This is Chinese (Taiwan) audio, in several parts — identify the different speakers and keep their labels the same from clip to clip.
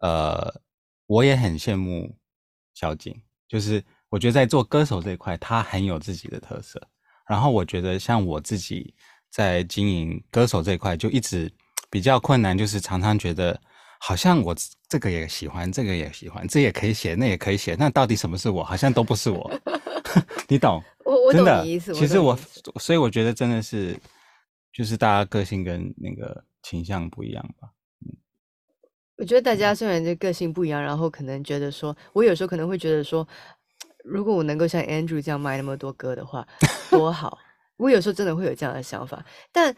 Speaker 1: 呃，我也很羨慕小瑾，就是我覺得在做歌手這一塊，他很有自己的特色。然後我覺得像我自己在經營歌手這一塊，就一直比較困難，就是常常覺得好像我這個也喜歡，這個也喜歡，這也可以寫，那也可以寫，那到底什麼是我？好像都不是我， 你懂？我我懂，真的我懂你意思。其實我所以我覺得真的是，就是大家個性跟那個傾向不一樣吧。
Speaker 2: 我覺得大家雖然這個性不一樣，然後可能覺得說，我有時候可能會覺得說，如果我能夠像 Andrew 這樣賣那麼多歌的話，多好！ 我有時候真的會有這樣的想法。但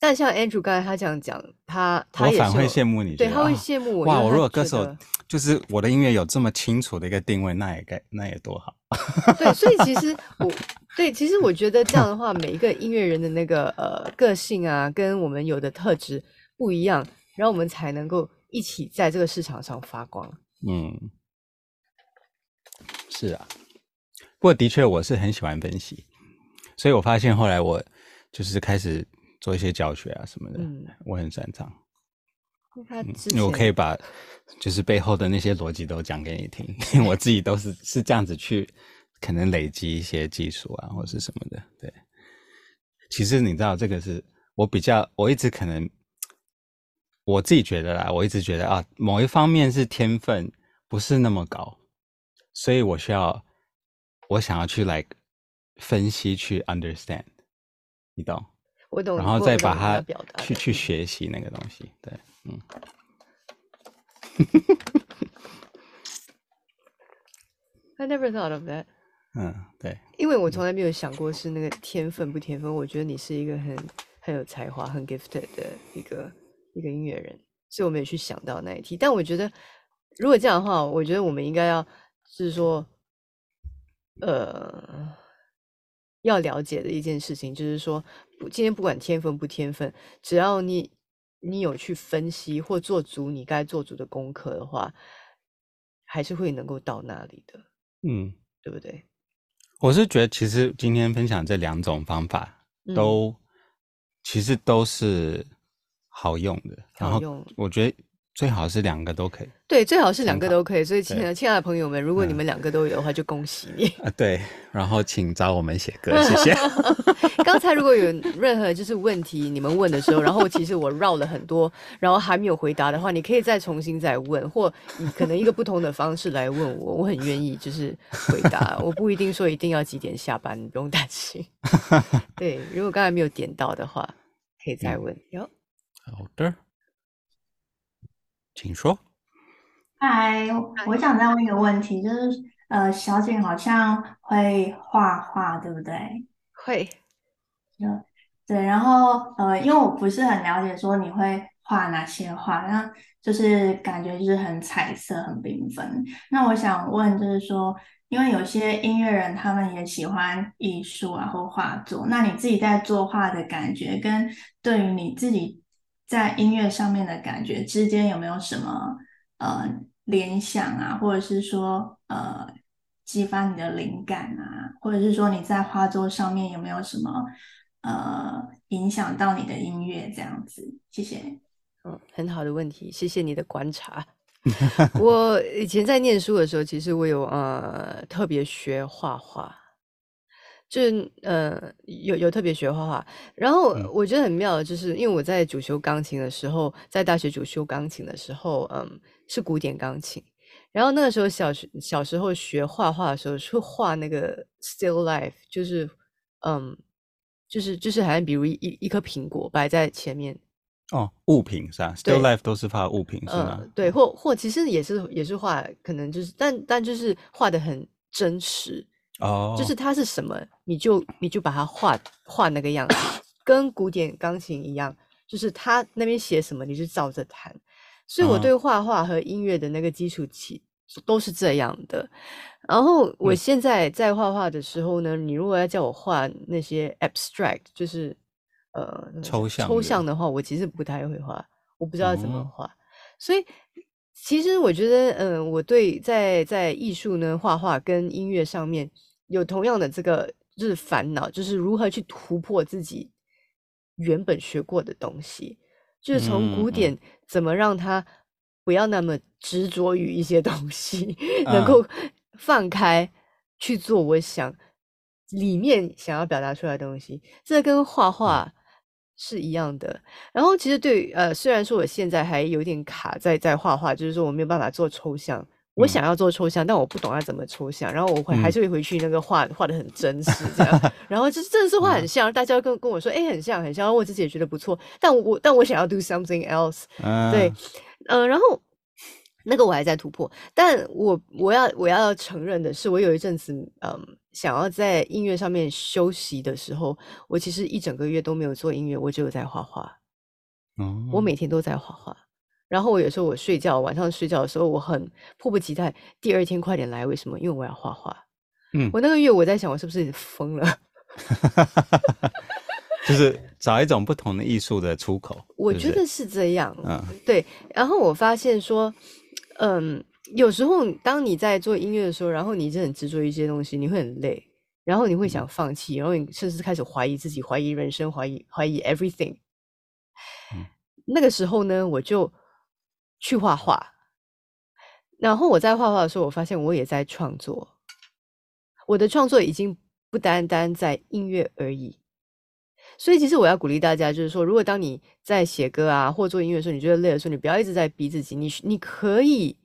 Speaker 2: 但像 Andrew 剛才他這樣講，他他也反而會羨慕你，對，他會羨慕我。啊、哇、就是！我如果歌手，
Speaker 1: 就是我的音樂有這麼清楚的一個定位，那也該那也
Speaker 2: 多好。 對，所以其實我對，其實我覺得這樣的話，每一個音樂人的那個呃個性啊，跟我們有的特質不一樣，然後我們才能夠。一起在這個市場上發光。
Speaker 1: 嗯，是啊。不過的確，我是很喜歡分析，所以我發現後來我就是開始做一些教學啊什麼的，嗯、我很擅長。
Speaker 2: 嗯、因為我可以
Speaker 1: 把就是背後的那些邏輯都講給你聽， 我自己都是是這樣子去可能累積一些技術啊或是什麼的。對，其實你知道這個是我比較我一直可能。我自己覺得啦，我一直覺得啊，某一方面是天分不是那麼高，所以我需要我想要去來、like, 分析去 understand，你懂？我懂。然後再把它去表達去，去學習那個東西。對，
Speaker 2: 嗯。I never thought of that。嗯，對。因為我從來沒有想過是那個天分不天分，嗯、我覺得你是一個很很有才華、很 gifted 的一個。一個音樂人，所以我沒有去想到那一題。但我覺得，如果這樣的話，我覺得我們應該要，是說，呃，要了解的一件事情，就是說，今天不管天分不天分，只要你你有去分析或做足你該做足的功課的話，還是會能夠到那裡的。
Speaker 1: 嗯，對不對？我是覺得，其實今天分享這兩種方法都，都、嗯、其實都是。好用的，然後我覺得最好是兩個都可以。
Speaker 2: 對，最好是兩個都可以。所以，親愛的朋友們，如果你們兩個都有的話，嗯、就恭喜你、
Speaker 1: 啊。對，然後請找我們寫歌， 謝謝。
Speaker 2: 剛才如果有任何就是問題，你們問的時候，然後其實我繞了很多，然後還沒有回答的話，你可以再重新再問，或以可能一個不同的方式來問我， 我很願意就是回答。我不一定說一定要幾點下班，你不用擔心。 對，如果剛才沒有點到的話，可以再問、嗯好的，請說。嗨，我想再問一個問題，就是呃，小瑾好像會畫畫，對不對？會。對。然後呃，因為我不是很了解，說你會畫哪些畫，那就是感覺就是很彩色、很繽紛。那我想問，就是說，因為有些音樂人他們也喜歡藝術啊，或畫作，那你自己在作畫的感覺跟對於你自己。在音樂上面的感覺之間有沒有什麼呃聯想啊，或者是說呃激發你的靈感啊，或者是說你在畫作上面有沒有什麼呃影響到你的音樂這樣子？謝謝。嗯，很好的問題，謝謝你的觀察。 我以前在念書的時候，其實我有呃特別學畫畫。就是呃，有有特別學畫畫，然後我覺得很妙的，就是因為我在主修鋼琴的時候，在大學主修鋼琴的時候，嗯，是古典鋼琴。然後那個時候小，小學小時候學畫畫的時候，是畫那個 still life，就是嗯，就是就是好像比如一一顆蘋果擺在前面。
Speaker 1: 哦，物品是吧？still life 都是畫物品是嗎？對，呃、
Speaker 2: 對或或其實也是也是畫，可能就是但但就是畫得很真實。
Speaker 1: 哦、oh.，就是它
Speaker 2: 是什麼，你就你就把它畫畫那個樣子，跟古典鋼琴一樣，就是它那邊寫什麼，你就照着彈。所以我對畫畫和音樂的那個基礎起都是這樣的。然後我現在在畫畫的時候呢、嗯，你如果要叫我畫那些 abstract，就是呃抽象抽象的話，我其實不太會畫，我不知道怎麼畫，oh. 所以。其實我覺得，嗯，我對在在藝術呢，畫畫跟音樂上面有同樣的這個，就是煩惱，就是如何去突破自己原本學過的東西，就是從古典怎麼讓它不要那麼執着於一些東西，嗯嗯、能夠放開去做我想裡面想要表達出來的東西，這跟畫畫。嗯是一樣的，然後其實對，呃，雖然說我現在還有點卡在在畫畫，就是說我沒有辦法做抽象、嗯，我想要做抽象，但我不懂要怎麼抽象，然後我會還，還是會回去那個畫、嗯、畫得很真實這樣， 然後就真的是真實畫很像，大家跟跟我說，哎、欸，很像很像，我自己也覺得不錯，但我但我想要 do something else，、嗯、對，呃，然後那個我還在突破，但我我要我要承認的是，我有一陣子，嗯。想要在音樂上面休息的時候，我其實一整個月都沒有做音樂，我只有在畫畫。嗯，我每天都在畫畫。然後我有時候我睡覺，晚上睡覺的時候，我很迫不及待，第二天快點來。為什麼？因為我要畫畫。嗯，我那個月我在想，我是不是瘋了？
Speaker 1: 就是找一種不同的藝術的出口。我覺得
Speaker 2: 是這樣。嗯，對。然後我發現說，嗯。有時候，當你在做音樂的時候，然後你真的很執着於一些東西，你會很累，然後你會想放棄，然後你甚至開始懷疑自己，懷疑人生，懷疑懷疑 everything。那個時候呢，我就去畫畫，然後我在畫畫的時候，我發現我也在創作，我的創作已經不單單在音樂而已。所以，其實我要鼓勵大家，就是說，如果當你在寫歌啊，或做音樂的時候，你覺得累的時候，你不要一直在逼自己，你你可以。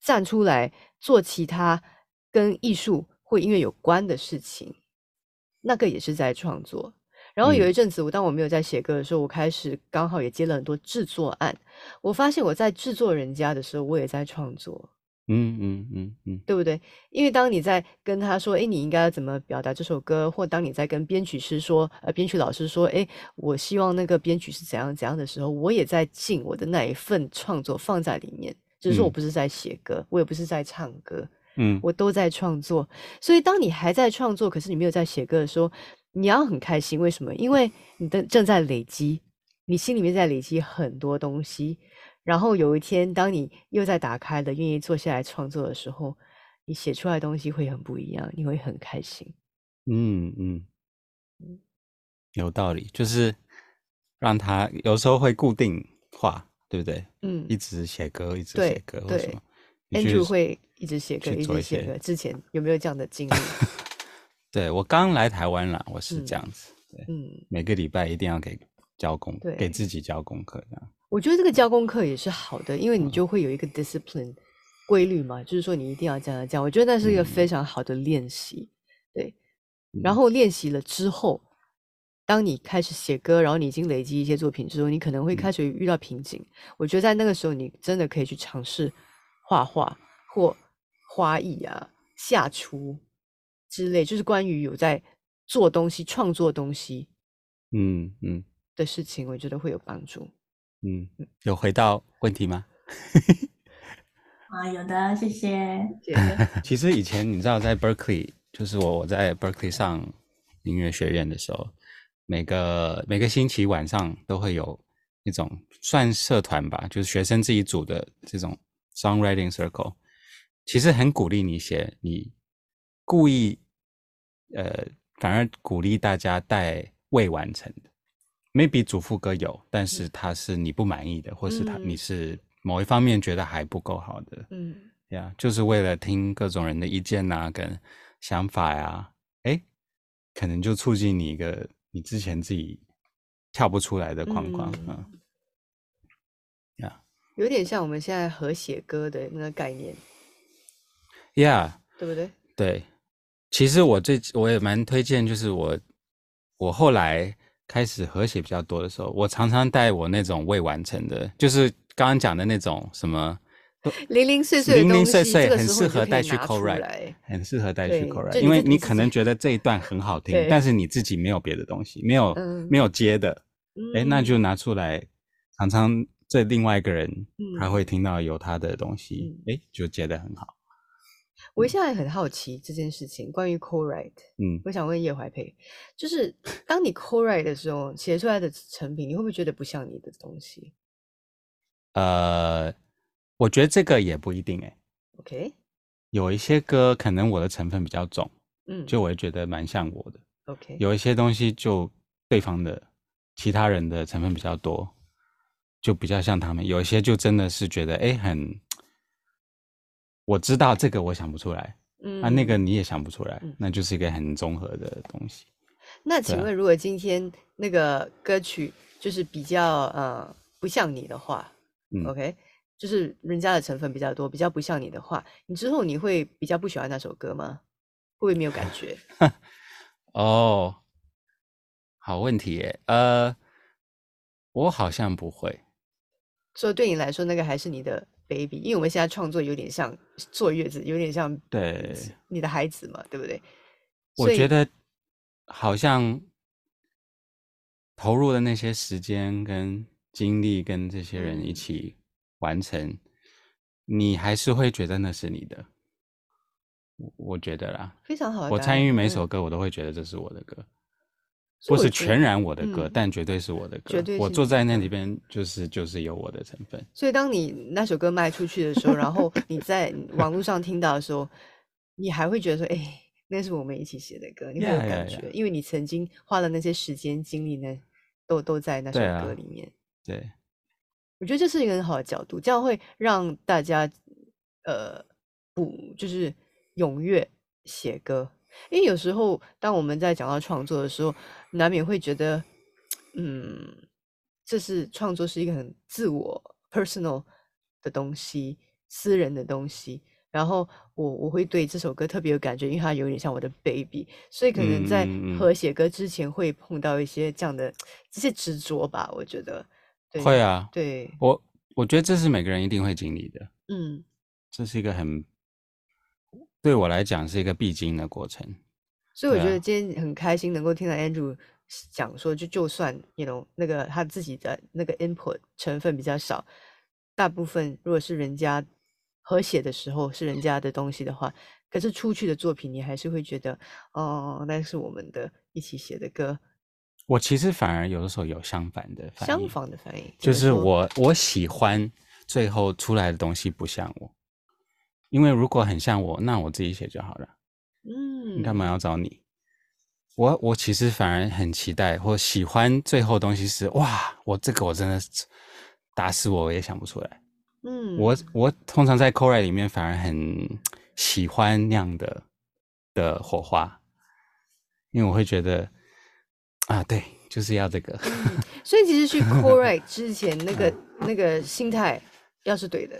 Speaker 2: 站出來做其他跟藝術或音樂有關的事情，那個也是在創作。然後有一陣子，我當我沒有在寫歌的時候、嗯，我開始剛好也接了很多製作案。我發現我在製作人家的時候，我也在創作。嗯嗯嗯嗯，對不對？因為當你在跟他說：“哎，你應該要怎麼表達這首歌？”或當你在跟編曲師說：“呃，編曲老師說，哎，我希望那個編曲是怎樣怎樣的時候，我也在盡我的那一份創作放在裡面。”只、就是我不是在寫歌、嗯，我也不是在唱歌，嗯，我都在創作。所以，當你還在創作，可是你沒有在寫歌的時候，你要很開心。為什麼？因為你的正在累積，你心裡面在累積很多東西。然後有一天，當你又在打開了，願意坐下來創作的時候，你寫出來的東西會很不一樣，你會很開心。嗯嗯嗯，
Speaker 1: 有道理，就是讓他有時候會固定化。對不對？嗯，一直寫歌，一直寫歌，為什麼，Andrew 會
Speaker 2: 一直寫歌一，一直寫歌。之前有沒有這樣的經歷？
Speaker 1: 對，我剛來台灣啦，我是這樣子，嗯，對嗯每個禮拜一定要給交功課，給自己交功課這樣。
Speaker 2: 我覺得這個交功課也是好的，因為你就會有一個 discipline 規律嘛、嗯，就是說你一定要這樣這樣。我覺得那是一個非常好的練習、嗯，對。然後練習了之後。嗯當你開始寫歌，然後你已經累積一些作品之後，你可能會開始會遇到瓶頸、嗯。我覺得在那個時候，你真的可以去嘗試畫畫或花藝啊、下廚之類，就是關於有在做東西、創作東西，
Speaker 1: 嗯嗯
Speaker 2: 的事情、嗯嗯，我覺得會有幫助。嗯，
Speaker 1: 有回到問題嗎？
Speaker 2: 啊，有的，謝謝。
Speaker 1: 其實以前你知道，在 Berkeley，就是我我在 Berkeley 上音樂學院的時候。每個每個星期晚上都會有那種算社團吧，就是學生自己組的這種 songwriting circle，其實很鼓勵你寫，你故意呃反而鼓勵大家帶未完成的，maybe 主副歌有，但是它是你不滿意的，嗯、或是他你是某一方面覺得還不夠好的，嗯，呀、yeah，就是為了聽各種人的意見吶、啊、跟想法呀、啊，誒，可能就促進你一個。你之前自己跳不出來的框框，啊、嗯，
Speaker 2: 有點像我們現在和寫歌的那個概念，Yeah，對不對？
Speaker 1: 對，其實我最我也蠻推薦，就是我我後來開始和寫比較多的時候，我常常帶我那種未完成的，就是剛剛講的那種什麼。
Speaker 2: 零零碎碎，零零碎碎，這個，很適合帶去 co-write，
Speaker 1: 很適合帶去 co-write。因為你可能覺得這一段很好聽，但是你自己沒有別的東西，沒有、嗯、沒有接的、
Speaker 2: 嗯欸，那就
Speaker 1: 拿出來，常常這另外一個人他會聽到有他的東西，嗯欸、就接得很好。
Speaker 2: 我現在很好奇這件事情，嗯、關於 co-write，嗯，我想問葉懷佩，就是當你 co-write 的時候寫出來的成品，你會不會覺得不像你的東西？
Speaker 1: 呃。我覺得這個也不一定，哎、欸。OK，有一些歌可能我的成分比較重，嗯，就我也覺得蠻像我的。OK，有一些東西就對方的、其他人的成分比較多，就比較像他們。有一些就真的是覺得哎、欸，很我知道這個，我想不出來，
Speaker 2: 嗯，啊，那個
Speaker 1: 你也想不出來，嗯，那就是一個很綜合的東西。
Speaker 2: 那請問，如果今天那個歌曲就是比較呃不像你的話，嗯，OK。就是人家的成分比較多，比較不像你的話，你之後你會比較不喜歡那首歌嗎？會不會沒有感覺？
Speaker 1: 哦，好問題耶。呃，我好像不會。
Speaker 2: 所以對你來說，那個還是你的 baby？因為我們現在創作有點像坐月子，有點像對你的孩子嘛，對，對不對？我覺得
Speaker 1: 好像投入的那些時間跟精力，跟這些人一起，嗯。完成，你還是會覺得那是你的。我，我覺得啦，
Speaker 2: 非常好。我參與每
Speaker 1: 首歌，嗯，我都會覺得這是我的歌，
Speaker 2: 我不是全然我的歌，嗯，
Speaker 1: 但絕對是我的歌。的歌我坐在那裡邊，就是就是有我的成分。
Speaker 2: 所以，當你那首歌賣出去的時候，然後你在網絡上聽到的時候， 你還會覺得說：“哎，欸，那是我們一起寫的歌。”你有，沒有感覺，yeah, yeah, yeah. 因為你曾經花了那些時間、精力呢，都都在那首歌裡面。對、啊。對我覺得這是一個很好的角度，這樣會讓大家，呃，不，就是踴躍寫歌。因為有時候當我們在講到創作的時候，難免會覺得，嗯，這是創作是一個很自我、personal 的東西，私人的東西。然後我我會對這首歌特別有感覺，因為它有點像我的 baby。所以可能在和寫歌之前會碰到一些這樣的這些執着吧，我覺得。對，會啊，對
Speaker 1: 我，我覺得這是每個人一定會經歷的。
Speaker 2: 嗯，
Speaker 1: 這是一個很對我來講，是一個必經的過程。
Speaker 2: 所以我覺得今天很開心能夠聽到 Andrew 講說，就就算 you know 那個他自己的那個 input 成分比較少，大部分如果是人家合寫的時候是人家的東西的話，可是出去的作品你還是會覺得哦，那是我們的一起寫的歌。
Speaker 1: 我其實反而有的時候有相反的反應，相反的反應就是我、就是、我喜歡最後出來的東西不像我，因為如果很像我，那我自己寫就好
Speaker 2: 了。
Speaker 1: 嗯，你幹嘛要找你？我我其實反而很期待或喜歡最後東西是哇，我這個我真的是打死我我也想不出來。嗯，我我通常在 co-write 裡面反而很喜歡那樣的的火花，因為我會覺得。啊，對，就是要這個。 嗯、
Speaker 2: 所以其實去 co-write 之前，那個、嗯、那個心態要是對的，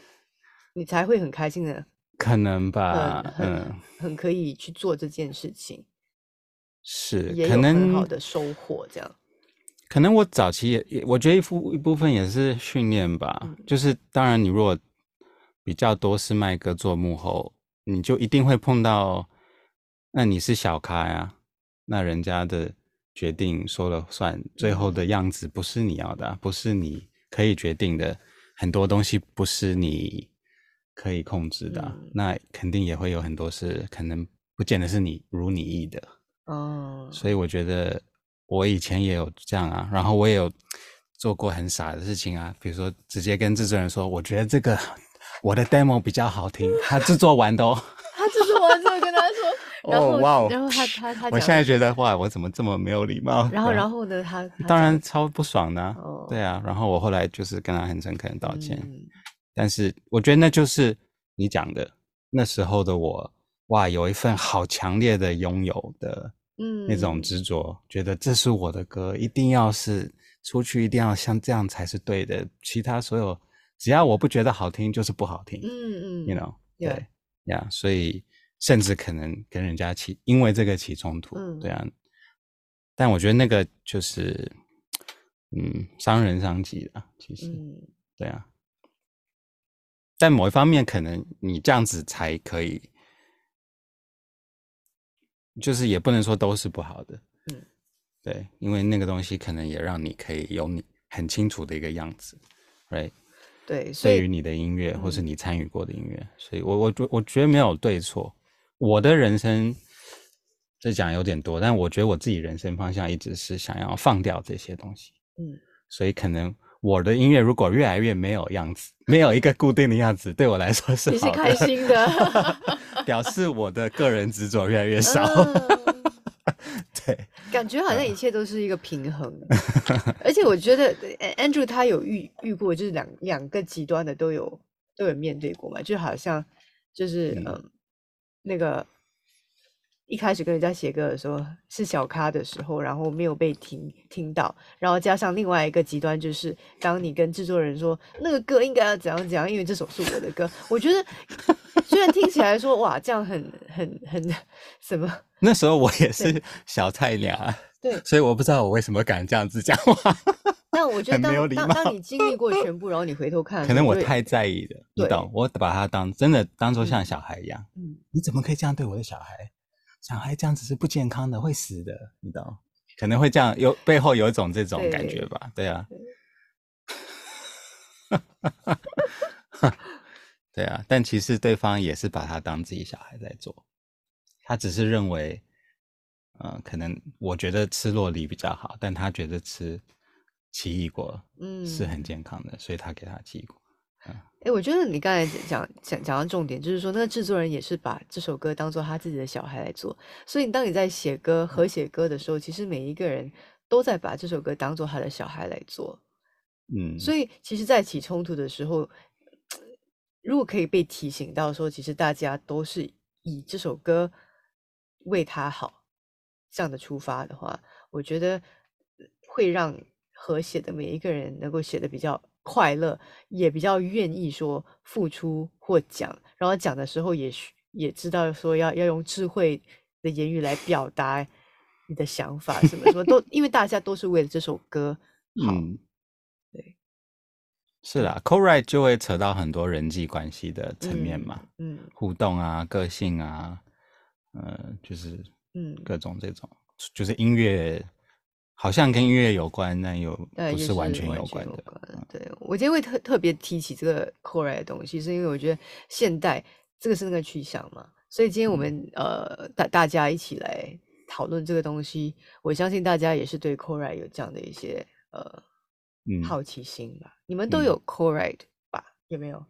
Speaker 2: 你才會很開心的。
Speaker 1: 可能吧，嗯，很，嗯
Speaker 2: 很可以去做這件事情，
Speaker 1: 是也有很好的
Speaker 2: 收穫。這樣可，
Speaker 1: 可能我早期也也，我覺得一部一部分也是訓練吧。嗯、就是當然，你如果比較多是賣歌做幕後，你就一定會碰到，那你是小咖呀，那人家的決定說了算，最後的樣子不是你要的，啊嗯，不是你可以決定的，很多東西不是你可以控制的，啊嗯，那肯定也會有很多事可能不見得是你如你意的。哦，所以我覺得我以前也有這樣啊，然後我也有做過很傻的事情啊，比如說直接跟製作人說，我覺得這個我的 demo 比較好聽， 他製作完都 他
Speaker 2: 製作完之後跟他說。然後，oh, wow, 然後他他他，我現在覺
Speaker 1: 得哇，我怎麼這麼沒有禮貌？嗯、然後，然後呢？他，他當然超不爽呢、啊。哦，對啊。然後我後來就是跟他很誠懇的道歉、嗯。但是我覺得那就是你講的那時候的我，哇，有一份好強烈的擁有的那種執着，嗯、覺得這是我的歌，一定要是出去，一定要像這樣才是對的。其他所有，只要我不覺得好聽，就是不好聽。嗯嗯。You know，、yeah. 對呀，yeah, 所以。甚至可能跟人家起因為這個起衝突，對啊、嗯。但我覺得那個就是，嗯，傷人傷己的，其實，對啊。但某一方面，可能你這樣子才可以，就是也不能說都是不好的，
Speaker 2: 嗯，
Speaker 1: 對，因為那個東西可能也讓你可以有你很清楚的一個樣子，嗯 Right? 對，對，對於你的音樂，或是你參與過的音樂、嗯，所以我我我覺得沒有對錯。我的人生這講有點多，但我覺得我自己人生方向一直是想要放掉這些東西。嗯，所以可能我的音樂如果越來越沒有樣子，沒有一個固定的樣子，對我來說是好的，也是開心的， 表示我的個人執着越來越少。嗯、 對，
Speaker 2: 感覺好像一切都是一個平衡，嗯、 而且我覺得 Andrew 他有遇遇過，就是兩兩個極端的都有都有面對過嘛，就好像就是嗯。那個。一開始跟人家寫歌的時候是小咖的時候，然後沒有被聽聽到，然後加上另外一個極端，就是當你跟製作人說那個歌應該要怎樣怎樣，因為這首是我的歌，我覺得雖然聽起來說 哇，這樣很很很什麼，
Speaker 1: 那時候我也是小菜鳥，對，所以我不知道我為什麼敢這樣子講話，
Speaker 2: 但我覺得當當你經歷過全部，然後你回頭看，可能我太
Speaker 1: 在意了，你懂，我把它當真的當做像小孩一樣。嗯，嗯，你怎麼可以這樣對我的小孩？小孩這樣子是不健康的，會死的，你懂，可能會這樣有，有背後有一種這種感覺吧？對，對啊， 對啊，但其實對方也是把他當自己小孩在做，他只是認為，嗯、呃，可能我覺得吃酪梨比較好，但他覺得吃奇異果，嗯，是很健康的、嗯，所以他給他奇異果。
Speaker 2: 哎，我覺得你剛才講講講到重點，就是說那個製作人也是把這首歌當做他自己的小孩來做。所以，當你在寫歌合寫歌的時候，其實每一個人都在把這首歌當做他的小孩來做。嗯，所以其實，在起衝突的時候，如果可以被提醒到說，其實大家都是以這首歌為他好這樣的出發的話，我覺得會讓合寫的每一個人能夠寫得比較。快樂，也比較願意說付出或講，然後講的時候也也知道說要要用智慧的言語來表達你的想法， 什麼什麼都，因為大家都是為了這首歌好，
Speaker 1: 嗯，對，是啦、嗯、co-write 就會扯到很多人際關係的層面嘛，嗯，嗯，互動啊，個性啊，呃，就是嗯，各種這種、嗯、就是音樂。好像跟音樂有關，嗯，但
Speaker 2: 又不是完全有關的。關，對、嗯、我今天會特特別提起這個 co-write 的東西，是因為我覺得現代這個是那個去向嘛。所以今天我們、嗯、呃，大大家一起來討論這個東西，我相信大家也是對 co-write 有這樣的一些呃、嗯、好奇心吧。你們都有 co-write 吧、嗯？有沒有？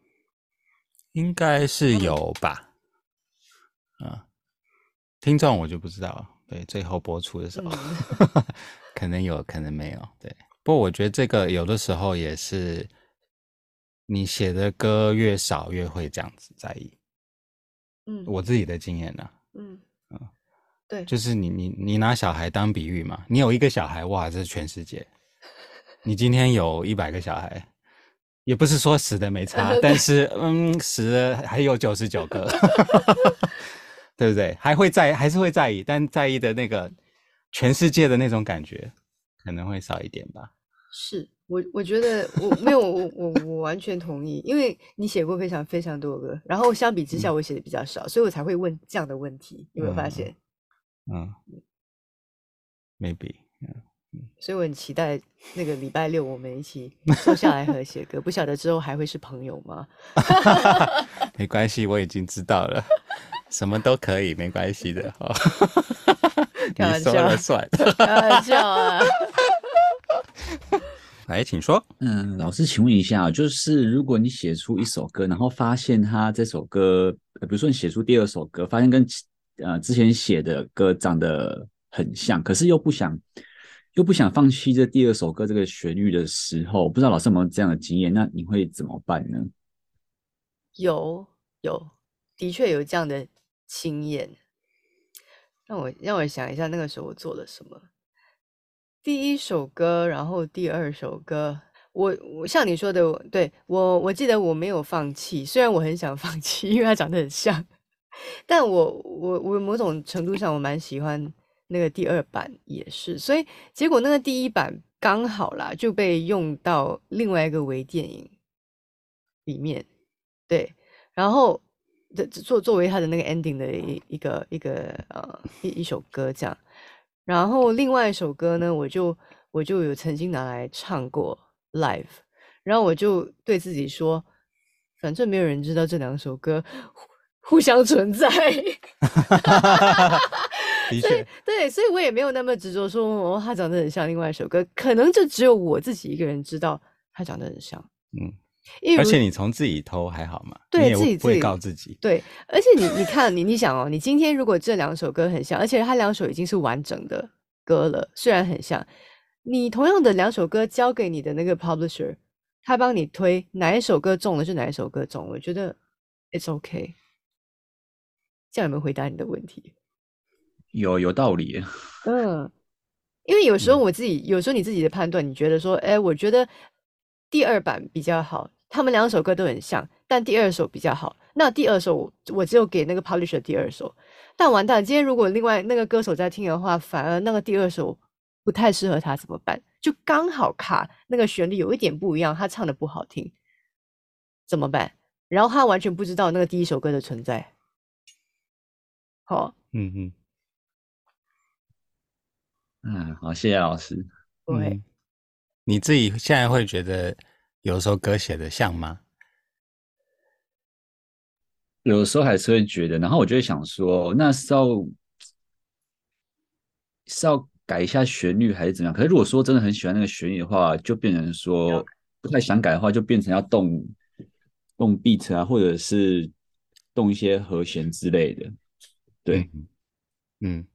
Speaker 1: 應該是有吧。啊、嗯嗯，聽眾我就不知道了。對，最後播出的時候， 可能有可能沒有。對，不過我覺得這個有的時候也是，你寫的歌越少越會這樣子在意。
Speaker 2: 嗯，我
Speaker 1: 自己的經驗呢、啊，嗯，嗯，
Speaker 2: 對，
Speaker 1: 就是你你你拿小孩當比喻嘛，你有一個小孩，哇，這是全世界。你今天有一百個小孩，也不是說死的沒差， 但是嗯，死的還有九十九個。 對不對？還會在，還是會在意，但在意的那個全世界的那種感覺，可能會少一點吧。
Speaker 2: 是我，我覺得我沒有， 我我我完全同意，因為你寫過非常非常多歌，然後相比之下我寫的比較少，嗯、所以我才會問這樣的問題。嗯、你有沒有發現？
Speaker 1: 嗯，嗯，maybe，嗯，
Speaker 2: 所以我很期待那個禮拜六我們一起坐下來和寫歌， 不曉得之後還會是朋友嗎？
Speaker 1: 沒關係，我已經知道了。什麼都可以，沒關係的哈。 開玩笑 你說了算，開玩笑啊。 來，請說。嗯、呃，老師，請問一下，就是如果你寫出一首歌，然後發現他這首歌，呃、比如說你寫出第二首歌，發現跟呃之前寫的歌長得很像，可是又不想又不想放棄這第二首歌這個旋律的時候，不知道老師有沒有這樣的經驗？那你會怎麼辦呢？
Speaker 2: 有有。的確有這樣的經驗，讓我讓我想一下，那個時候我做了什麼？第一首歌，然後第二首歌，我，我像你說的，對，我我記得我沒有放棄，雖然我很想放棄，因為它長得很像，但我我我某種程度上我蠻喜歡那個第二版，也是，所以結果那個第一版剛好啦，就被用到另外一個微電影裡面，對，然後。作作為他的那個 ending 的一一個一個呃一一首歌這樣，然後另外一首歌呢，我就我就有曾經拿來唱過 live，然後我就對自己說，反正沒有人知道這兩首歌互互相存在， 的確，所以對，所以我也沒有那麼執着說哦，他長得很像另外一首歌，可能就只有我自己一個人知道他長得很像，嗯。
Speaker 1: 因為而且你從自己偷還好嗎？
Speaker 2: 對你自己不會告自己。對，對而且你你看你你想哦，你今天如果這兩首歌很像，而且他兩首已經是完整的歌了，雖然很像，你同樣的兩首歌交給你的那個 publisher，他幫你推哪一首歌中了就哪一首歌中，我覺得 it's ok，這樣有沒有回答你的問題？
Speaker 1: 有有道理。嗯、uh,，
Speaker 2: 因為有時候我自己、嗯，有時候你自己的判斷，你覺得說，哎，我覺得第二版比較好。他們兩首歌都很像，但第二首比較好。那第二首我只有給那個 publisher 第二首。但完蛋，今天如果另外那個歌手在聽的話，反而那個第二首不太適合他，怎麼辦？就剛好卡那個旋律有一點不一樣，他唱的不好聽，怎麼辦？然後他完全不知道那個第一首歌的存在。好、哦，嗯哼，嗯，好，謝謝老師。對、
Speaker 1: 嗯，你自己現在會覺得？有時候歌寫得像嗎？有的時候還是會覺得，然後我就會想說，那是要是要改一下旋律還是怎樣？可是如果說真的很喜歡那個旋律的話，就變成說不太想改的話，就變成要動動 beat 啊，或者是動一些和弦之類的。對，嗯，
Speaker 2: 嗯，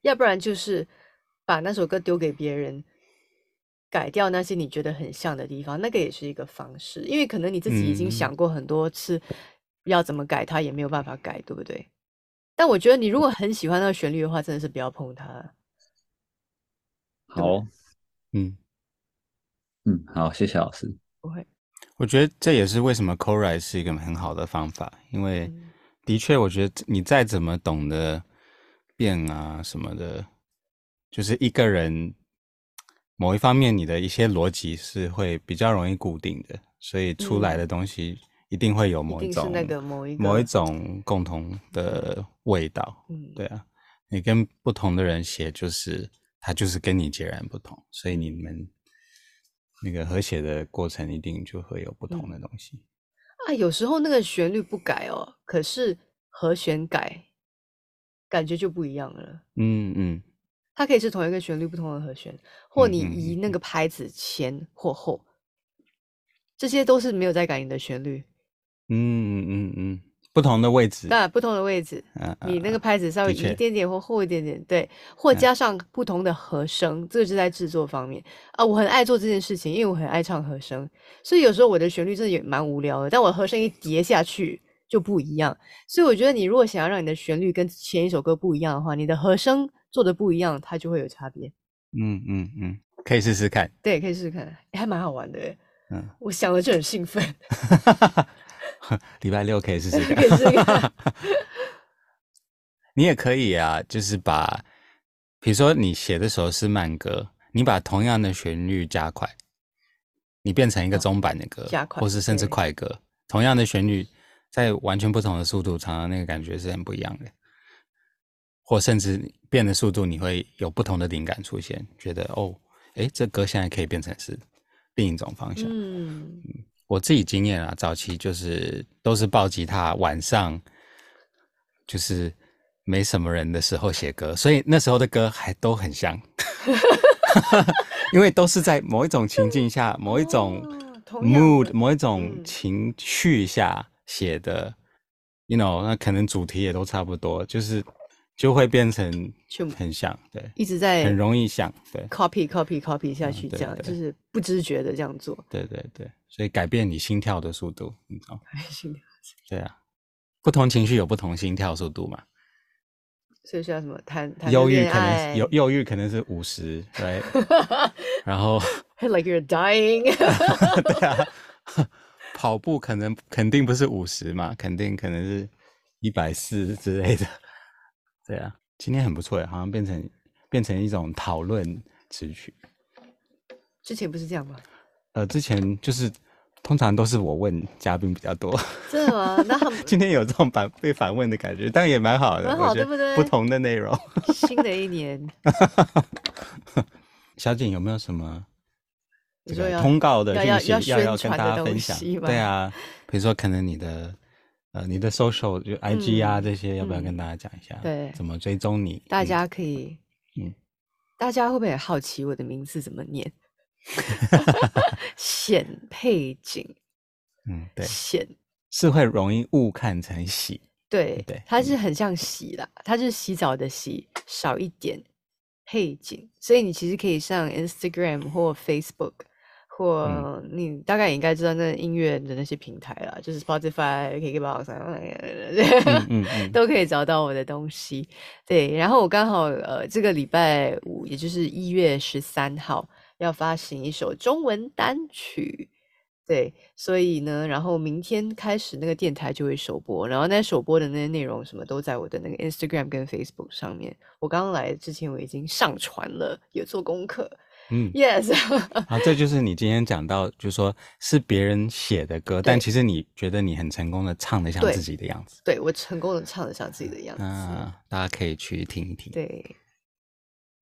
Speaker 2: 要不然就是把那首歌丟給別人。改掉那些你覺得很像的地方，那個也是一個方式，因為可能你自己已經想過很多次要怎麼改，它也沒有辦法改、嗯，對不對？但我覺得你如果很喜歡那個旋律的話，真的是不要碰它。
Speaker 1: 好、哦，嗯，嗯，好，謝謝老師。不會，我覺得這也是為什麼 co-write 是一個很好的方法，因為的確，我覺得你再怎麼懂得變啊什麼的，就是一個人。某一方面，你的一些邏輯是會比較容易固定的，所以出來的東西一定會有某一種、某一種共同的味道。嗯，對啊，你跟不同的人寫，就是他就是跟你截然不同，所以你們那個合寫的過程一定就會有不同的東西。嗯、
Speaker 2: 啊，有時候那個旋律不改哦，可是和弦改，感覺就不一樣了。嗯嗯。它可以是同一個旋律，不同的和弦，或你移那個拍子前或後，嗯嗯嗯嗯這些都是沒有在改你的旋律。
Speaker 1: 嗯嗯嗯，不同的位置，那不同的位置啊啊啊，你那
Speaker 2: 個拍子稍微移一點點或後一點點，對，或加上不同的和聲、啊，這個就是在製作方面啊。我很愛做這件事情，因為我很愛唱和聲，所以有時候我的旋律真的也蠻無聊的，但我的和聲一疊下去就不一樣。所以我覺得，你如果想要讓你的旋律跟前一首歌不一樣的話，你的和聲。做的不一樣，它就會有差別。嗯嗯
Speaker 1: 嗯，可以試試看。
Speaker 2: 對，可以試試看，欸、還蠻好玩的。嗯，我想了就很興奮。
Speaker 1: 禮 拜六可以試試看。可以試試看。 你也可以啊，就是把，比如說你寫的時候是慢歌，你把同樣的旋律加快，你變成一個中版的歌，加快，或是甚至快歌，同樣的旋律，在完全不同的速度唱，那個感覺是很不一樣的。或甚至變的速度，你會有不同的靈感出現，覺得哦，哎、欸，這歌現在可以變成是另一種方向。嗯，我自己經驗啊，早期就是都是抱吉他，晚上就是沒什麼人的時候寫歌，所以那時候的歌還都很像， 因為都是在某一種情境下，某一種 mood、某一種情緒下寫的，嗯。You know，那可能主題也都差不多，就是。就會變成很像，對，一直在很容易像，對
Speaker 2: ，copy copy copy 下去講，嗯，對對，就是不知覺的這樣做，
Speaker 1: 對對對，所以改變你心跳的速度，你知道，變心跳的速度，對啊，不同情緒有不同心跳速度嘛，
Speaker 2: 所以需要什麼？談，談恨恨恨恨憂鬱可能憂
Speaker 1: 憂鬱可能是五十，對， 然後
Speaker 2: ，Hey，like you're dying， 對啊，
Speaker 1: 跑步可能肯定不是五十嘛，肯定可能是一百四之類的。對啊，今天很不錯耶，好像變成變成一種討論詞曲。
Speaker 2: 之前不是這樣嗎？
Speaker 1: 呃，之前就是通常都是我問嘉賓比較多。真的
Speaker 2: 嗎？那
Speaker 1: 今天有這種反被反問的感覺，但也蠻好的，蠻好，我覺得，對不對？不同的內容。
Speaker 2: 新的一年，
Speaker 1: 小瑾有沒有什麼
Speaker 2: 這個通告的訊息，要要跟大家分享？對啊，
Speaker 1: 比如說可能你的。呃，你的 social 就 IG 啊、嗯、這些，要不要跟大家講一下？對、嗯，怎麼追蹤你、嗯？
Speaker 2: 大家可以，嗯，大家會不會很好奇我的名字怎麼念？冼 佩瑾。嗯，
Speaker 1: 對，冼是會容易誤看成洗，
Speaker 2: 對對，它是很像洗啦，嗯、它是洗澡的洗少一點，佩瑾。所以你其實可以上 Instagram 或 Facebook。或你大概也應該知道那音樂的那些平台啦，就是 Spotify、KKBOX 上都可以找到我的東西。對，然後我剛好呃，這個禮拜五，也就是一月十三號，要發行一首中文單曲。對，所以呢，然後明天開始那個電台就會首播，然後那首播的那些內容什麼都在我的那個 Instagram 跟 Facebook 上面。我剛剛來之前我已經上傳了，有做功課。嗯，Yes
Speaker 1: 好、 啊，這就是你今天講到，就是說是別人寫的歌，但其實你覺得你很成功的唱得像自己的樣子。對，
Speaker 2: 對，我成功的唱得像自己的樣子。嗯，
Speaker 1: 大家可以去聽
Speaker 2: 一聽。對，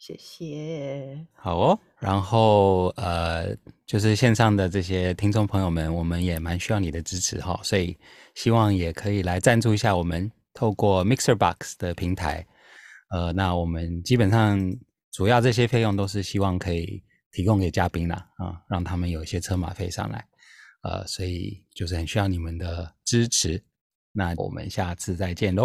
Speaker 2: 謝謝。
Speaker 1: 好哦，然後呃，就是線上的這些聽眾朋友們，我們也蠻需要你的支持哈、哦，所以希望也可以來贊助一下我們，透過 Mixer Box 的平台，呃，那我們基本上。主要這些費用都是希望可以提供給嘉賓啦，啊、嗯，讓他們有一些車馬費上來，呃，所以就是很需要你們的支持。那我們下次再見嘍。